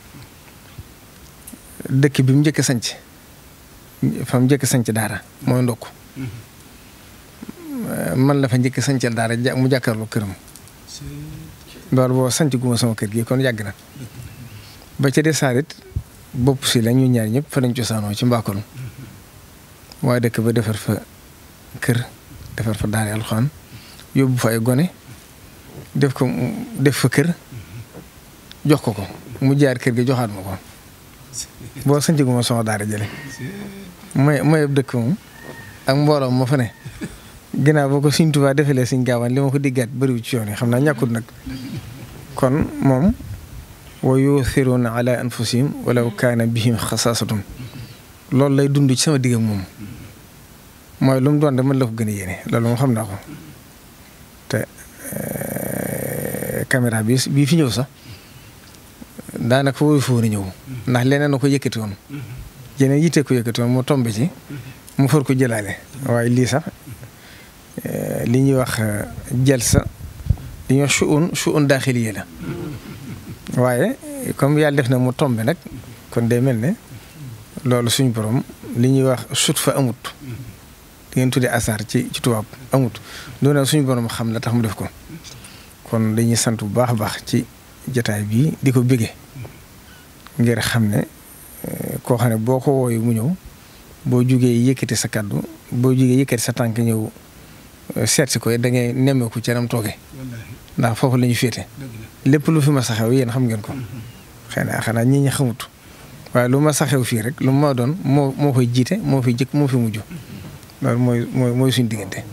dëkk bi mu njëkk a sanc fa mu njëkk a daara mooy ndokk man la fa njëkk a sancal daara mu jàkkaarloo këram loolu boo sanc guma sama kër gi kon yàgg na ba ca desaar it bopp si la ñaar ñëpp fa lañ cosaanoo ci mbaakoon waaye dëkk ba defar fa kër defar fa daara alxaan yóbbu fa ay gone def ko def fa kër jox ko ko mu jaar kër gi joxaat ma ko boo sëncaguma sama daara jële mooy mooy ab dëkk moom ak mbooloo ma fa ginnaaw boo ko Sëñ Tuubaa defalee Sëñ Gaawaan li ma ko diggaat bëriwu ci yoon yi xam naa ñàkkut nag kon moom wa yuuthiruuna ala anfusihim walaw kaana bihim xasaasatun loolu lay dund ci sama digg moom mooy lu mu doon de mën la ko gën a yéene loolu xam naa ko te eh, caméra bi bii fi ñëw sax daanaka wóoyu foo war ñëw ndax leneen ko yëkkati woon yeneen yitte ko yëkkati woon mu tombe ci mu far ko jëlaale waaye lii sax eh, li ñuy wax eh, jël sa ñuy wax suun suun daaxiliya la waaye comme yàlla def na mu tombe nag kon day mel ne loolu suñu borom li ñuy wax sut fa amut di ngeen tuddee asaar ci ci tubaab amut doona suñu borom xam la tax mu def ko kon dañuy sant bu baax a baax ci jataay bi di ko bëggee ngir xam ne koo xam ne boo ko wooyu mu ñëw boo jugee yëkkati sa kàddu boo jugee yëkkati sa tànk ñëw euh, seet si koy da ngay nemmeeku ci anam tooge ndax foofu la ñu féete lépp lu fi ma saxew yéen xam ngeen ko mm-hmm. xëy na xanaa ñi ñi xamut waaye lu ma saxew fii rek lu ma doon moo moo koy jiite moo fi jëkk moo fi mujj mm-hmm. loolu mooy mooy mooy suñu diggante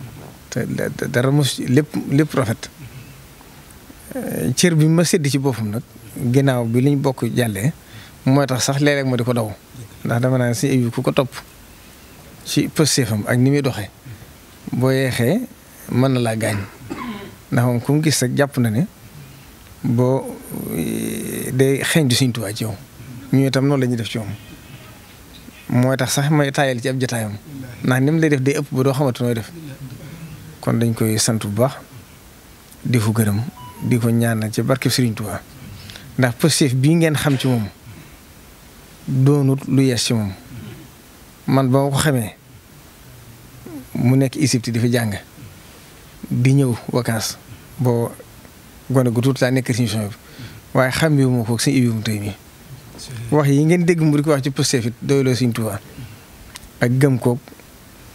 te dara mos lépp lépp rafet mm-hmm. euh, cër bi ma sédd ci boppam nag ginnaaw bi liñ bokk jàllee mooy tax sax léeg-léeg ma di ko daw ndax dama naan si ayib ku ko topp ci pëstéefam ak ni muy doxee boo yeexee mën na laa gaañ ndax moom ku mu gis rek jàpp na ne boo eh, day xeeñ du Sëriñ Tuubaa ci yow ñu itam noonu la ñuy def ci moom mooy tax sax may taayal ci ab jataayam ndax ni mu lay def day ëpp ba doo xamante nooy def kon dañ koy sant bu baax di fu gërëm di ko ñaanal ci barkeb Sëriñ Tuubaa ndax pëstéef bii ngeen xam ci moom. doonut lu yees ci moom man ba ma ko xamee mu nekk Égypte di fi jàng di ñëw vacances boo gone gu tuuti laa nekk ci mission bi waaye xam bi moo ko si ibi mu tey wax yi ngeen dégg mu di ko wax ci Pastef it doyloo Sëñ Tuubaa ak gëm koog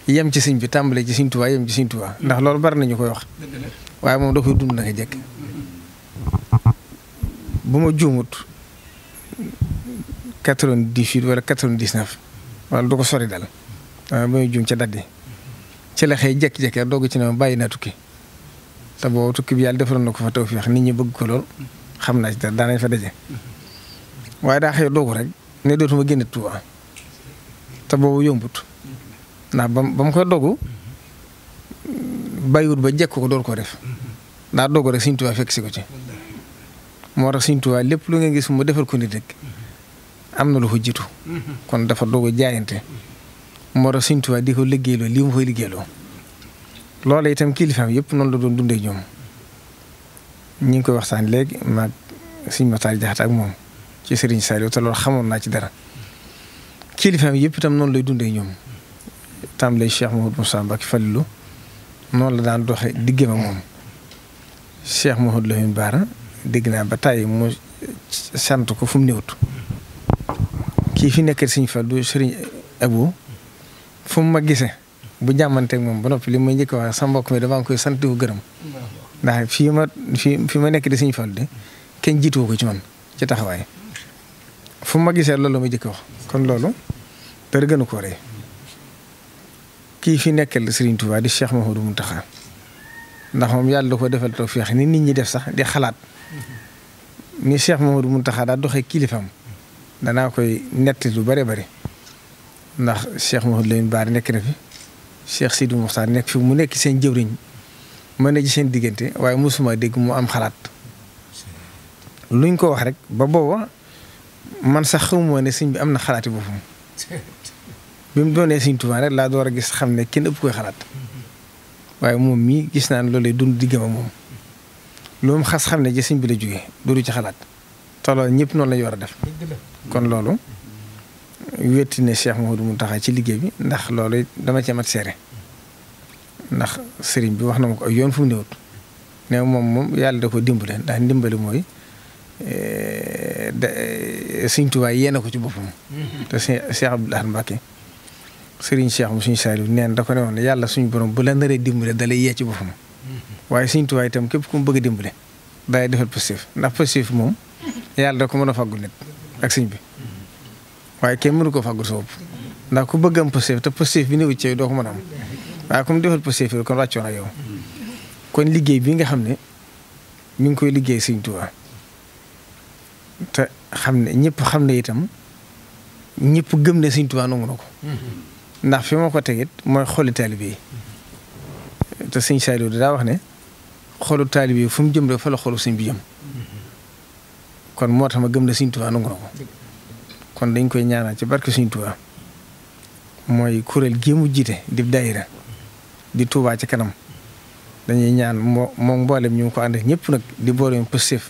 yem ci sëñ bi tàmbale ci Sëñ Tuubaa yem ci Sëñ Tuubaa ndax loolu bari nañu koy wax waaye moom da koy dund naka jekk bu ma juumut 98 wala 99 wala du ko sori daal waaye ba muy juum ca daddi ci la xëy jékki-jékki doog ci ne ma bàyyi naa tukki te boobu tukki bi yàlla defaloon na ko fa taw fii wax nit ñi bëgg ko lool xam naa ci dara daanañ fa daje waaye daa xëy doogu rek ne dootuma génn Tuuba te boobu yombut ndax ba ba mu koy dogu bàyyiwut ba jekk ko door koo def daa dogu rek Sëñ Tuuba fekk si ko ci moo tax Sëñ Tuuba lépp lu ngeen gis mu defal ko nit rek am na lu ko jiitu. kon dafa doog jaayante. moo tax Sëñ di ko liggéeyloo li mu koy liggéeyloo. loola itam kilifaam yëpp noonu la doon dundee ñoom ñu ngi koy waxtaan léegi maag Sëñ Matar ak moom ci Sëriñ Saliou xamoon naa ci dara. kilifaam yëpp itam noonu lay dundee ñoom. tam lay Cheikh Mouhamadou Moussa Mbacké Falilou noonu la daan doxee moom Cheikh Mouhamadou Lamine Bara naa ba tàyyi mu sant ko fu mu néewtu kii fi nekkal Sëriñ Fallu Sëriñ Abu mu ma gisee bu jàmmanteeg moom ba noppi li may njëkk wax sa mbokk mi damaa ngi koy sant gërëm ndax ma fi ma nekk di Sëriñ Fallu de kenn ko ci man ci taxawaay fu ma gisee ma njëkk wax kon loolu dara gënu kii fi nekkal Sëriñ Tuubaa di Cheikh Mouhamadou Mountakha ndax moom yàlla ko defal tawfeex ni nit ñi def sax di xalaat ni Cheikh mun Mountakha daa doxee kilifaam danaa koy netti lu bare bare ndax Cheikh Mouhamadou baa Bara nekk na fi Cheikh Sidi Moukhtar nekk fi mu nekk seen jëwriñ mën na ji seen diggante waaye mosuma dégg mu am xalaat luñ ko wax rek ba booba man sax xamuma ne sëñ bi am na xalaati boppam bi mu doonee sëñ Tuubaa rek laa door a gis xam ne kenn ëpp koy xalaat waaye moom mii gis naa ne loolu dund diggam ak moom loolu xas xam ne ji sëñ bi la jógee dooru ci xalaat te loolu ñëpp noonu la war a def. kon loolu wetti ne Cheikh Mouhamadou Mountakha ci liggéey bi ndax loolu dama cee mat seere ndax sëriñ bi wax na ma ko ay yoon fu mu néewut ne moom moom yàlla da ko dimbale ndax ndimbali mooy eh, eh, Sëriñ Tuubaa yéene ko ci boppam. Mm-hmm. te Cheikh Abdoul Ahad Mbacké sëriñ Cheikh mu suñu Saliou neen da ko yàlla suñu borom bu la naree dimbale dalay yee ci mm-hmm. waaye Sëriñ Tuubaa képp ku mu bëgg a dimbale dalay defal positif ndax positif moom yàlla da ko mën a faggu ak sëñ bi waaye kenn mënu ko fàggul sa ndax ku bëgg am positif te positif bi ne wut ci doo ko mën a am waaye comme defal positif yi kon wàccoon ak kon liggéey bi nga xam ne mi ngi koy liggéey sëñ Tuubaa te xam ne ñëpp xam ne itam ñëpp gëm ne sëñ Tuubaa nangu na ko ndax fi ma ko tegit mooy xoli taalibe yi te sëñ Saliou daa wax ne xolu taalibe yi jëm rek fa la xolu sëñ bi jëm kon moo tax ma gëm na Sëriñ Tuubaa nangu ko kon dañ koy ñaanal ci barke Sëriñ Tuubaa mooy kuréel gi mu jiite di daayira di Tuubaa ci kanam dañuy ñaan moo moom mboolem ñu ngi ko ànd ñëpp nag di boolem positif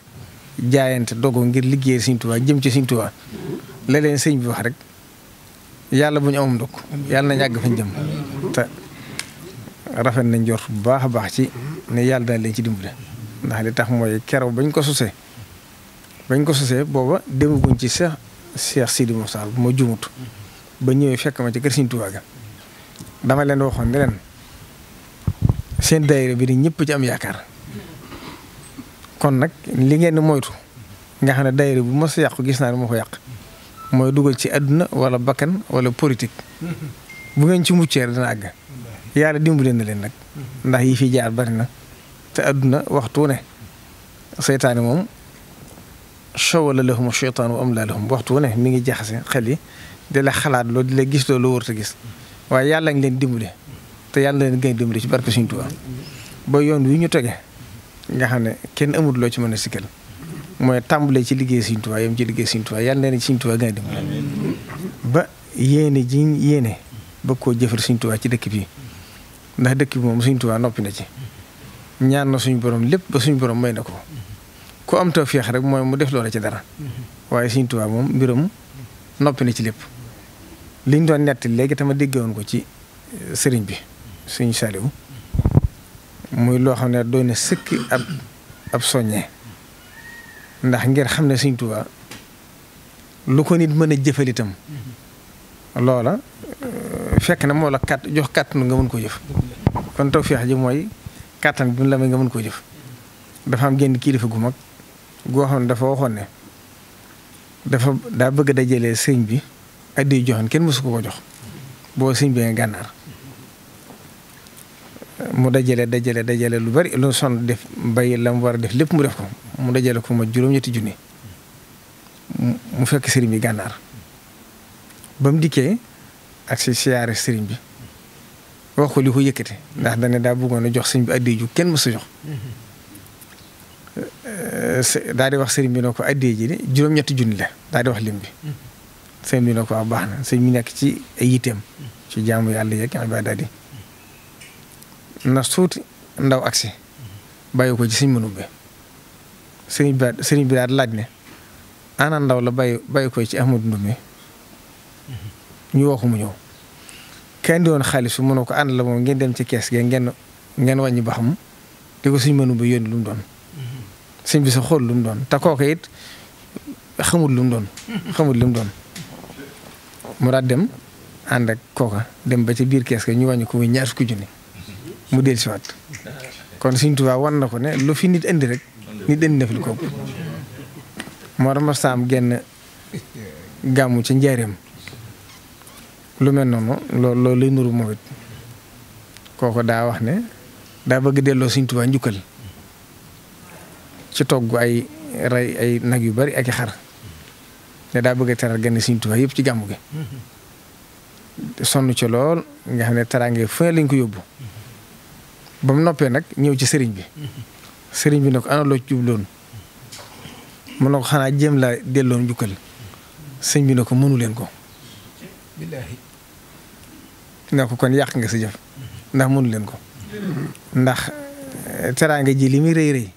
jaayante dogo ngir liggéeyal Sëriñ Tuubaa jëm ci Sëriñ Tuubaa la leen sëñ bi wax rek yàlla bu ñu amum ndokk yàlla nañ àgg fa ñu jëm te rafet nañ jort bu baax a baax ci ne yàlla daal leen ci dimbale ndax li tax mooy keroog bañ ko susee bañ ko sosee booba demaguñ ci Cheikh Cheikh Sidi Moussa bu ma jumut ba ñëwee fekk ma ci kër Sëriñ Tuubaa ga dama leen waxoon ne leen seen daayira bi ni ñëpp ci am yaakaar kon nag li ngeen moytu nga xam ne daayira bu ma a yàqu gis naa ne moo ko yàq mooy dugal ci àdduna wala bakkan wala politique bu ngeen ci mucceer dina àgg yàlla dimbali na leen nag ndax yi fi jaar bari na te àdduna waxtu seytaane moom shawala lahum sheytaan wa amla lahum waxtu wu ne mu ngi jaxase xel yi di la xalaat loo di la gis loolu wërta gis waaye yàlla ngi leen dimbale te yàlla leen gën a ci barke Sëriñ Tuubaa ba yoon wi ñu tege nga xam ne kenn amul loo ci mën a sikkal mooy tàmbale ci liggéey Sëriñ Tuubaa yam ci liggéey Sëriñ Tuubaa yàlla leen Sëriñ Tuubaa gën a dimbale ba yéene ji yéene ba koo jëfar Sëriñ Tuubaa ci dëkk bi ndax dëkk bi moom Sëriñ Tuubaa noppi na ci ñaan na suñu borom lépp ba suñu may na ko ku am tawféex rek mooy mu def loola ci dara waaye Sëriñ Tuubaa moom mbiram noppi na ci lépp liñ doon nett léegi tama déggee woon ko ci euh, sëriñ bi Sëriñ Saliou muy loo xam ne doy na sëkki ab ab ndax ngir xam ne Sëriñ Tuubaa lu ko nit mën a jëfal loola euh, fekk na moo la kàtt jox kàttanu nga mën koo jëf kon tawféex ji mooy kàttan bi mu la may nga mën koo jëf dafa am génn kilifa gu mag goo xam ne dafa waxoon ne dafa daa bëgg dajale sëñ bi ak addi joxoon kenn mësu ko ko jox boo sëñ bi nga gànnaar mu dajale dajale dajale lu bari lu son def mbay la mu war a def lépp mu def ko mu dajale ko ma juróom-ñetti junni mu fekk sëriñ bi gànnaar ba mu dikkee ak si siyaare sëriñ bi wax ko li ko yëkkate ndax dana daa bëggoon a jox sëñ bi addi ju kenn mësu jox daal di wax sëriñ bi ne ko addee ji de juróom-ñetti junni la daal wax lim bi. Mm-hmm. sëriñ bi ko baax na sëriñ bi nekk ci ay mm-hmm. ci jaamu yàlla yeeg ibaadaat mm-hmm. na suuti ndaw agsi bàyyi ko ci sëriñ Manumbe sëriñ bi sëriñ bi daal laaj ne ana ndaw la bàyyi bàyyi ko ci Ahmadu Ndumbe ñu waxu ñëw. kenn di woon xaalis mu ko ànd la moom ngeen dem ci kees gi ngeen ngeen wàññi ba xam di ko sëriñ Manumbe yónni lu mu doon. sëñ bi sa xool lu doon te kooku it xamul lu doon. xamul lu doon mu daal dem ànd ak kooka dem ba ci biir kees ga ñu wàññi ko muy ñaar fukki junni mu dellusiwaat kon Sëñ Tuubaa wan na ko ne lu fi nit indi rek nit indi na fi lu ko moo tax genn gàmmu ci njaareem lu mel noonu loolu loolu lay nuru moom daa wax ne daa bëgg delloo Sëñ Tuubaa njukkal. ci togg ay rey ay nag yu bari ak i xar ne daa bëggee teral gane Sëriñ Tuubaa yëpp ci gàmbu gi sonn ci lool nga xam ne taraange fu lañ ko yóbbu ba noppee nag ñëw ci sëriñ bi sëriñ bi ne ko ana loo jubloon mu ne ko xanaa jéem la delloon njukkal sëñ bi ne ko mënu leen ko ne ko kon yàq nga si jëf ndax mënu leen ko ndax eh, teraanga ji li muy rëy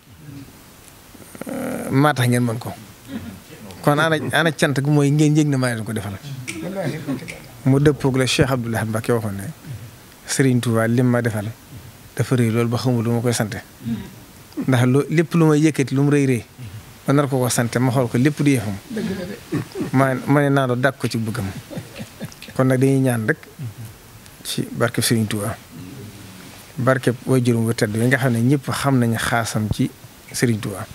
maa tax ngeen mën ko kon ana ana cant gu mooy ngeen yëg na maa ko defal mu dëppoog la Cheikh Abdoul Ahad Mbacké waxoon ne Serigne Touba lim ma defal dafa rëy loolu ba xamul lu ma koy sante ndax lu lépp lu may yëkkati lu mu rëy rëy ba nar ko ko sante ma xool ko lépp di yëfam ma ma ne naa ko ci bëggam kon nag dañuy ñaan rek ci barkeb Serigne Touba barkeb way juróom wu tedd yi nga xam ne ñëpp xam nañu xaasam ci Serigne Touba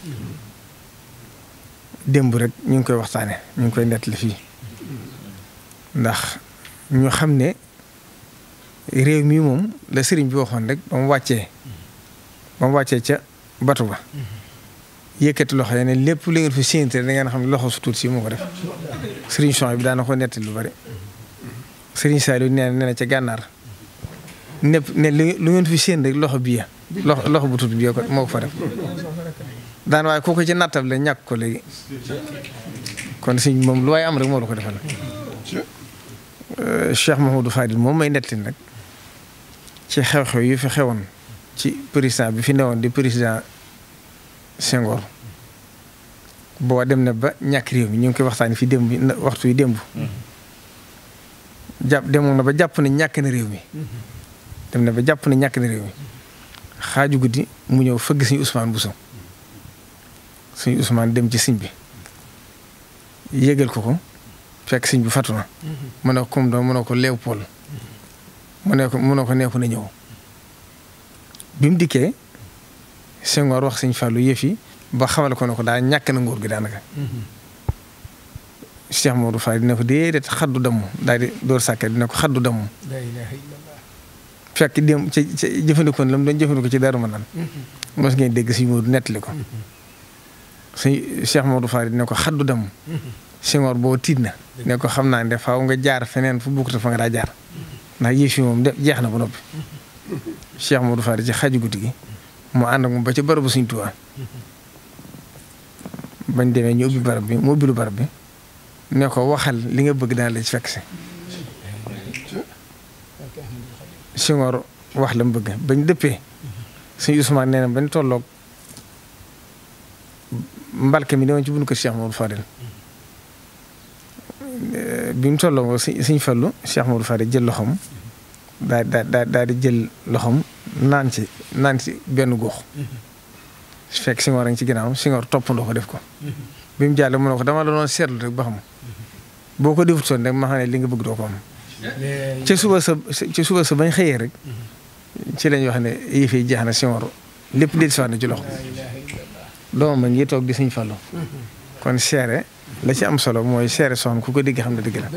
démb rek ñu ngi koy waxtaane ñu ngi koy nettali fii ndax ñu xam ne réew mii moom la sëriñ bi waxoon rek ba mu wàccee ba mu wàccee ca batu ba yëkkati loxo yi ne lépp li ngeen fi séentee xam ne loxo su si moo sëriñ son bi daana ko nettali lu bari sëriñ Saliou nee ca gànnaar népp ne lu ngeen fi séen rek loxo bii loxo loxo bu tuut bii moo ko fa def daan waaye kooku ci nattab la ñàkk ko léegi kon si moom lu waaye am rek moo la ko defal euh, Cheikh Mahamadou Fadil moom may nettin rek ci xew-xew yu fi xewoon ci président bi fi newoon di président Senghor boo dem ne ba ñàkk réew mi ñu ngi koy waxtaan fi démb waxtu yi démb jàpp demoon na ba jàpp ne ñàkk réew mi dem na ba jàpp ne ñàkk réew mi xaaju guddi mu ñëw fëgg si bu Bousso suñu Ousmane dem ci siñ bi yëgal ko ko fekk siñ bi fàttu na. Mm-hmm. mu ne ko comme doom mu ko Léopold mm-hmm. mu ne ko mu ko nekku na ñëw bi mu dikkee Senghor wax sëñ Fallou yëf yi ba xamal ko ne ko daa ñàkk na nguur gi daanaka. Mm-hmm. Cheikh Modou la mu doon jëfandikoo ci Darou Manane. mos ngeen dégg si Modou nettali ko. sëñ Cheikh Modou Farid ne ko xaddu dem Senghor boo tiit na ne ko xam naa ne faaw nga jaar feneen fu bukkute fa nga daa jaar naa yëf yi moom de jeex na ba noppi moo Modou Farid ci xaaju guddi gi mu ànd ak ba ci barabu suñ Tuubaa bañ demee ñu ubbi barab bi mu bi ne ko waxal li nga bëgg daal la ci fekk si Senghor wax la mu bëgg bañ dëppee Sëñ Ousmane nee na bañ tolloog mbalka mi ne ci buñu ko Cheikh Modou Fadel eh, bi mu tolloo si suñ fallu Cheikh Modou jël loxoom daal di daal daal di jël loxoom naan ci naan ci benn gox. fekk Senghor a ngi ci ginnaawam Senghor toppandoo ko def ko. bi mu jàll mu ne ko dama la doon seetlu rek ba boo ko defutoon rek ma xam ne li nga bëgg doo ko am. ci suba sa suba sa bañ xëyee rek. ci lañ wax ne yëf yi jeex na Senghor lépp dellusiwaat na ci loxo. doomam ma ngi toog di sëñ Fallou mm-hmm. kon seere la ci am solo mooy seere soxna ku ko dégg xam ne dëgg la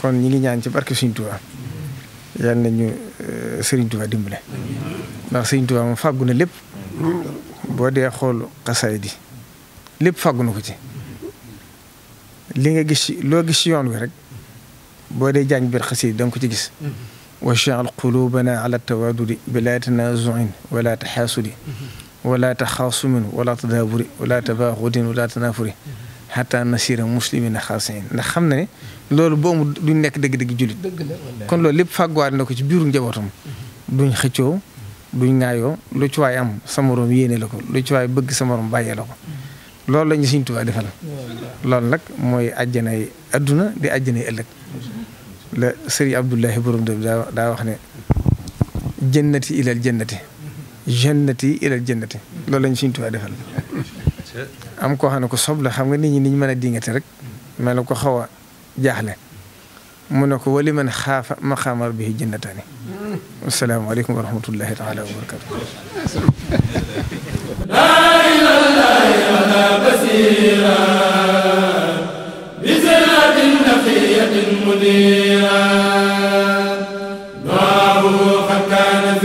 kon ñi ngi ñaan ci barke Sëñ Tuubaa yal ñu euh, Sëriñ Tuubaa dimbale ndax Sëriñ Tuubaa moom fàggu na lépp boo dee xool xasaay di lépp fàggu na ko ci li nga gis loo gis yoon wi rek boo dee jàng biir xasida da nga ko ci gis mm-hmm. waj'al quluubana ala tawaadudi bila tanaazuin wala taxaasudi mm-hmm. wala taxaasumin wala tadaaburi wala tabaaxudin wala tanaafuri xataa nasira muslimin xaasiin ndax xam na ne loolu boo mu duñ nekk dëgg-dëgg jullit kon loolu lépp fàgguwaat na ko ci biiru njabootam duñ xëccoo duñ ŋaayoo lu ci waay am sa morom la ko lu ci bëgg sa morom loolu la ñu Sëriñ Tuubaa defal loolu nag mooy àjjanay adduna di àjjanay ëllëg la sëriñ Abdullahi borom dëgg daa wax ne jannati ilal jannati jannati ilal jannati loolu lañ Sëriñ Tuubaa defal am koo xam ko soble la xam nga nit ñi niñ mën a dingate rek mel na ko xaw a jaaxle mu ne ko wali man xaafa maqaamar bihi jannataani asalaamaaleykum wa rahmatullahi taala wa barakatu